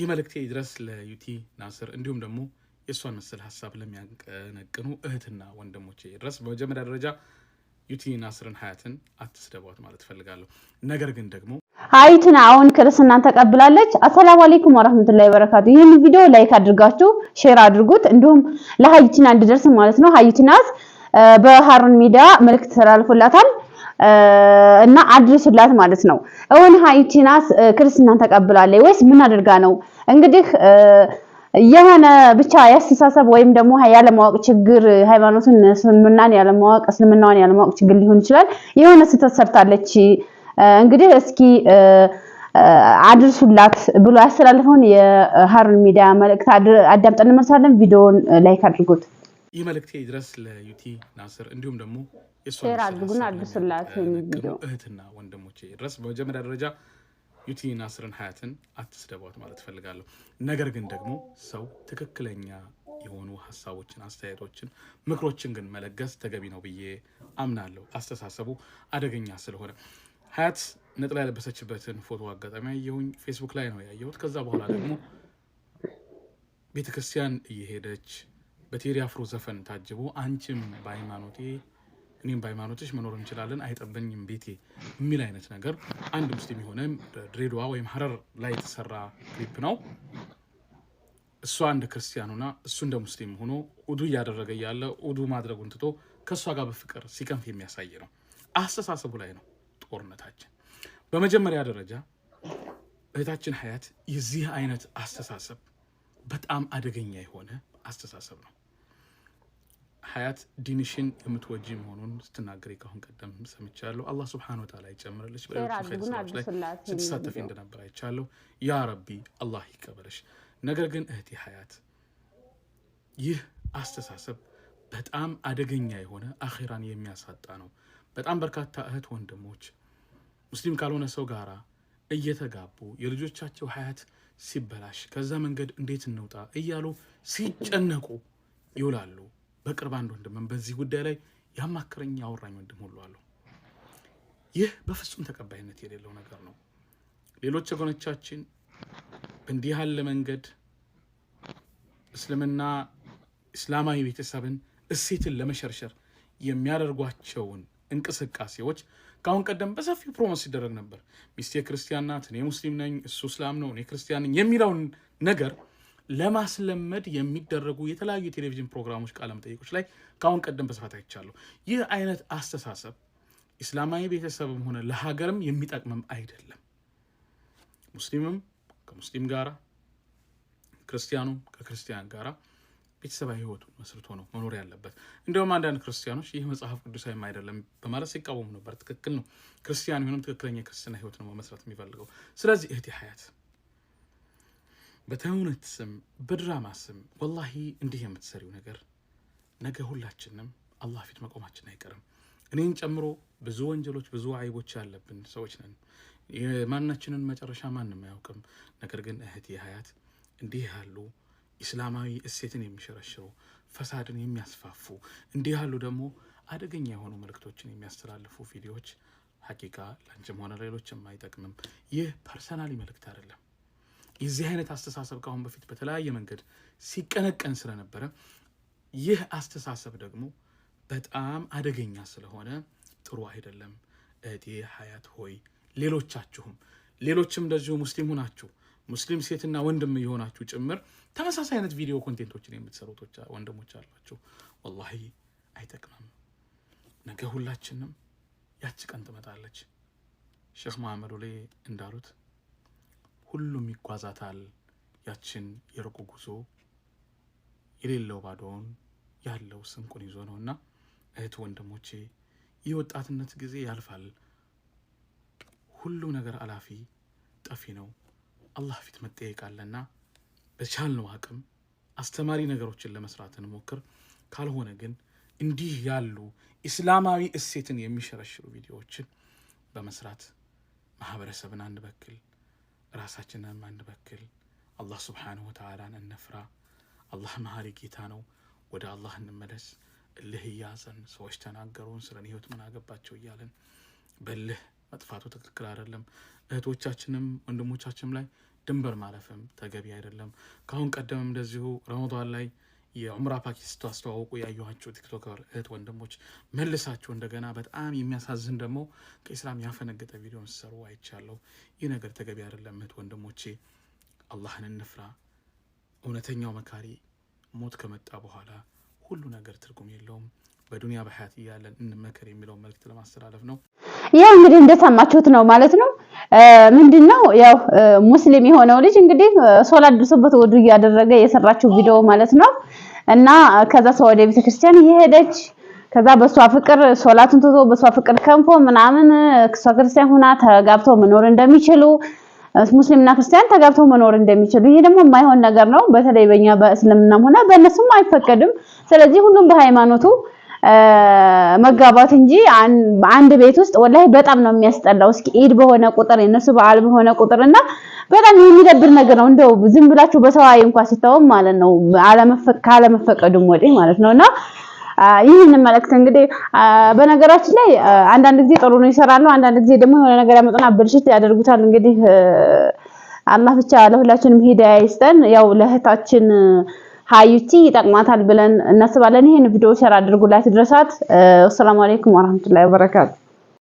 ይህ መልእክቴ ድረስ ለዩቲ ናስር እንዲሁም ደግሞ የእሷን መሰል ሀሳብ ለሚያቀነቅኑ እህትና ወንድሞቼ ድረስ። በመጀመሪያ ደረጃ ዩቲ ናስርን ሀያትን አትስደቧት ማለት እፈልጋለሁ። ነገር ግን ደግሞ ሀይትን አሁን ክርስትናን ተቀብላለች። አሰላሙ አሌይኩም ወራህመቱላሂ ወበረካቱ። ይህን ቪዲዮ ላይክ አድርጋችሁ ሼር አድርጉት፣ እንዲሁም ለሀይቲና እንድደርስ ማለት ነው። ሀይቲናስ በሀሩን ሚዲያ መልእክት ተላልፎላታል። እና አድርሱላት ማለት ነው። እውን ሀይቲናስ ክርስትናን ተቀብላለች ወይስ ምን አድርጋ ነው? እንግዲህ የሆነ ብቻ ያስተሳሰብ ወይም ደግሞ ያለማወቅ ችግር ሃይማኖትን፣ እስልምናን ያለማወቅ እስልምናዋን ያለማወቅ ችግር ሊሆን ይችላል። የሆነ ስህተት ሰርታለች። እንግዲህ እስኪ አድርሱላት ብሎ ያስተላልፈውን የሀሩን ሚዲያ መልእክት አዳምጠን እንመልሳለን። ቪዲዮውን ላይክ አድርጉት። ይህ መልእክቴ ድረስ ለዩቲ ናስር እንዲሁም ደግሞ ሼር አድርጉን አድርሱላት የሚለው እህትና ወንድሞቼ ድረስ በመጀመሪያ ደረጃ ዩቲ ናስርን ሀያትን አትስደቧት ማለት እፈልጋለሁ። ነገር ግን ደግሞ ሰው ትክክለኛ የሆኑ ሀሳቦችን፣ አስተያየቶችን፣ ምክሮችን ግን መለገስ ተገቢ ነው ብዬ አምናለሁ። አስተሳሰቡ አደገኛ ስለሆነ ሀያት ነጥላ ያለበሰችበትን ፎቶ አጋጣሚ ያየሁኝ ፌስቡክ ላይ ነው ያየሁት። ከዛ በኋላ ደግሞ ቤተክርስቲያን እየሄደች በቴዲ አፍሮ ዘፈን ታጅቦ አንቺም በሃይማኖቴ እኔም በሃይማኖትሽ መኖር እንችላለን አይጠበኝም ቤቴ የሚል አይነት ነገር አንድ ሙስሊም የሆነ ድሬዳዋ ወይም ሀረር ላይ የተሰራ ክሊፕ ነው። እሷ እንደ ክርስቲያኑና እሱ እንደ ሙስሊም ሆኖ ኡዱ እያደረገ እያለ ኡዱ ማድረጉን ትቶ ከእሷ ጋር በፍቅር ሲቀንፍ የሚያሳይ ነው። አስተሳሰቡ ላይ ነው ጦርነታችን። በመጀመሪያ ደረጃ እህታችን ሀያት የዚህ አይነት አስተሳሰብ በጣም አደገኛ የሆነ አስተሳሰብ ነው። ሀያት ዲንሽን የምትወጂ መሆኑን ስትናገሪ ካሁን ቀደም ሰምቻለሁ። አላህ ሱብሓነሁ ወተዓላ ይጨምርልሽ። በሌሎች ላይ ስትሳተፊ እንደነበር አይቻለሁ። ያ ረቢ አላህ ይቀበልሽ። ነገር ግን እህቴ ሀያት ይህ አስተሳሰብ በጣም አደገኛ የሆነ አኼራን የሚያሳጣ ነው። በጣም በርካታ እህት ወንድሞች ሙስሊም ካልሆነ ሰው ጋር እየተጋቡ የልጆቻቸው ሀያት ሲበላሽ ከዛ መንገድ እንዴት እንውጣ እያሉ ሲጨነቁ ይውላሉ። በቅርብ አንድ ወንድምም በዚህ ጉዳይ ላይ ያማክረኝ ያወራኝ ወንድም ሁሉ አለው። ይህ በፍጹም ተቀባይነት የሌለው ነገር ነው። ሌሎች ወገኖቻችን በእንዲህ ያለ መንገድ እስልምና እስላማዊ ቤተሰብን እሴትን ለመሸርሸር የሚያደርጓቸውን እንቅስቃሴዎች ከአሁን ቀደም በሰፊው ፕሮሞስ ሲደረግ ነበር። ሚስቴ ክርስቲያን ናት፣ እኔ ሙስሊም ነኝ፣ እሱ እስላም ነው፣ እኔ ክርስቲያን ነኝ የሚለውን ነገር ለማስለመድ የሚደረጉ የተለያዩ የቴሌቪዥን ፕሮግራሞች ቃለ መጠይቆች ላይ ከአሁን ቀደም በስፋት አይቻለሁ። ይህ አይነት አስተሳሰብ ኢስላማዊ ቤተሰብም ሆነ ለሀገርም የሚጠቅምም አይደለም። ሙስሊምም ከሙስሊም ጋራ፣ ክርስቲያኑም ከክርስቲያን ጋራ ቤተሰባዊ ህይወቱን መስርቶ ነው መኖር ያለበት። እንዲሁም አንዳንድ ክርስቲያኖች ይህ መጽሐፍ ቅዱሳዊም አይደለም በማለት ሲቃወሙ ነበር። ትክክል ነው። ክርስቲያን ቢሆንም ትክክለኛ የክርስትና ህይወት ነው መመስረት የሚፈልገው። ስለዚህ እህቴ ሀያት በተውነት ስም በድራማ ስም ወላሂ እንዲህ የምትሰሪው ነገር ነገ ሁላችንም አላህ ፊት መቆማችን አይቀርም። እኔን ጨምሮ ብዙ ወንጀሎች ብዙ አይቦች ያለብን ሰዎች ነን። የማናችንን መጨረሻ ማንም አያውቅም። ነገር ግን እህት የሀያት እንዲህ ያሉ ኢስላማዊ እሴትን የሚሸረሽሩ ፈሳድን የሚያስፋፉ እንዲህ ያሉ ደግሞ አደገኛ የሆኑ መልእክቶችን የሚያስተላልፉ ቪዲዮዎች ሀቂቃ ላንችም ሆነ አይጠቅምም። ይህ ፐርሰናሊ መልእክት አይደለም የዚህ አይነት አስተሳሰብ ከአሁን በፊት በተለያየ መንገድ ሲቀነቀን ስለነበረ ይህ አስተሳሰብ ደግሞ በጣም አደገኛ ስለሆነ ጥሩ አይደለም። እህቴ ሀያት ሆይ ሌሎቻችሁም ሌሎችም እንደዚሁ ሙስሊም ሁናችሁ ሙስሊም ሴትና ወንድም የሆናችሁ ጭምር ተመሳሳይ አይነት ቪዲዮ ኮንቴንቶችን የምትሰሩት ወንድሞች አሏችሁ። ወላሂ አይጠቅምም። ነገ ሁላችንም ያች ቀን ትመጣለች። ሼክ መሀመዱ ላይ እንዳሉት ሁሉም ይጓዛታል ያችን የሩቁ ጉዞ የሌለው ባዶውን ያለው ስንቁን ይዞ ነው እና እህት ወንድሞቼ የወጣትነት ጊዜ ያልፋል። ሁሉ ነገር አላፊ ጠፊ ነው። አላህ ፊት መጠየቅ አለና በቻልነው አቅም አስተማሪ ነገሮችን ለመስራት እንሞክር። ካልሆነ ግን እንዲህ ያሉ ኢስላማዊ እሴትን የሚሸረሽሩ ቪዲዮዎችን በመስራት ማህበረሰብን አንበክል። ራሳችንን ማንበክል፣ አላህ ስብሓንሁ ወተዓላን እንፍራ። አላህ መሀሪ ጌታ ነው። ወደ አላህ እንመለስ። እልህ እያዘን ሰዎች ተናገሩን ስለ ህይወት ምን አገባቸው እያለን በልህ መጥፋቱ ትክክል አይደለም። እህቶቻችንም ወንድሞቻችንም ላይ ድንበር ማለፍም ተገቢ አይደለም። ከአሁን ቀደም እንደዚሁ ረመዷን ላይ የዑምራ ፓኬጅ ስታስተዋውቁ ያየኋቸው ቲክቶከር እህት ወንድሞች መልሳችሁ እንደገና በጣም የሚያሳዝን ደግሞ ከኢስላም ያፈነገጠ ቪዲዮ ሲሰሩ አይቻለሁ። ይህ ነገር ተገቢ አይደለም። እህት ወንድሞቼ አላህን እንፍራ። እውነተኛው መካሪ ሞት ከመጣ በኋላ ሁሉ ነገር ትርጉም የለውም። በዱንያ በሀያት እያለን እንመከር የሚለውን መልእክት ለማስተላለፍ ነው። ያው እንግዲህ እንደሰማችሁት ነው ማለት ነው። ምንድን ነው ያው ሙስሊም የሆነው ልጅ እንግዲህ ሶላት ደርሶበት ወዱ እያደረገ የሰራችው ቪዲዮ ማለት ነው እና ከዛ ሰው ወደ ቤተክርስቲያን እየሄደች ከዛ በሷ ፍቅር ሶላቱን ትቶ በሷ ፍቅር ከንፎ ምናምን እሷ ክርስቲያን ሆና ተጋብተው መኖር እንደሚችሉ ሙስሊምና ክርስቲያን ተጋብተው መኖር እንደሚችሉ ይሄ ደግሞ የማይሆን ነገር ነው። በተለይ በእኛ በእስልምናም ሆነ በእነሱም አይፈቀድም። ስለዚህ ሁሉም በሃይማኖቱ መጋባት እንጂ አንድ ቤት ውስጥ ወላሂ በጣም ነው የሚያስጠላው። እስኪ ኢድ በሆነ ቁጥር የነሱ በዓል በሆነ ቁጥር እና በጣም የሚደብር ነገር ነው። እንደው ዝም ብላችሁ በሰዋይ እንኳን ሲታወም ማለት ነው ካለመፈቀዱም ወዲህ ማለት ነውና ይህንን መልእክት እንግዲህ በነገራችን ላይ አንዳንድ ጊዜ ጥሩ ነው ይሰራሉ፣ አንዳንድ ጊዜ ደግሞ የሆነ ነገር ያመጡና ብልሽት ያደርጉታል። እንግዲህ አላህ ብቻ ለሁላችንም ሂዳያ ይስጠን። ያው ለእህታችን ሀዩቲ ይጠቅማታል ብለን እናስባለን። ይህን ቪዲዮ ሸር አድርጉላት ድረሳት። ወሰላሙ አሌይኩም ወረህመቱላሂ ወበረካቱ።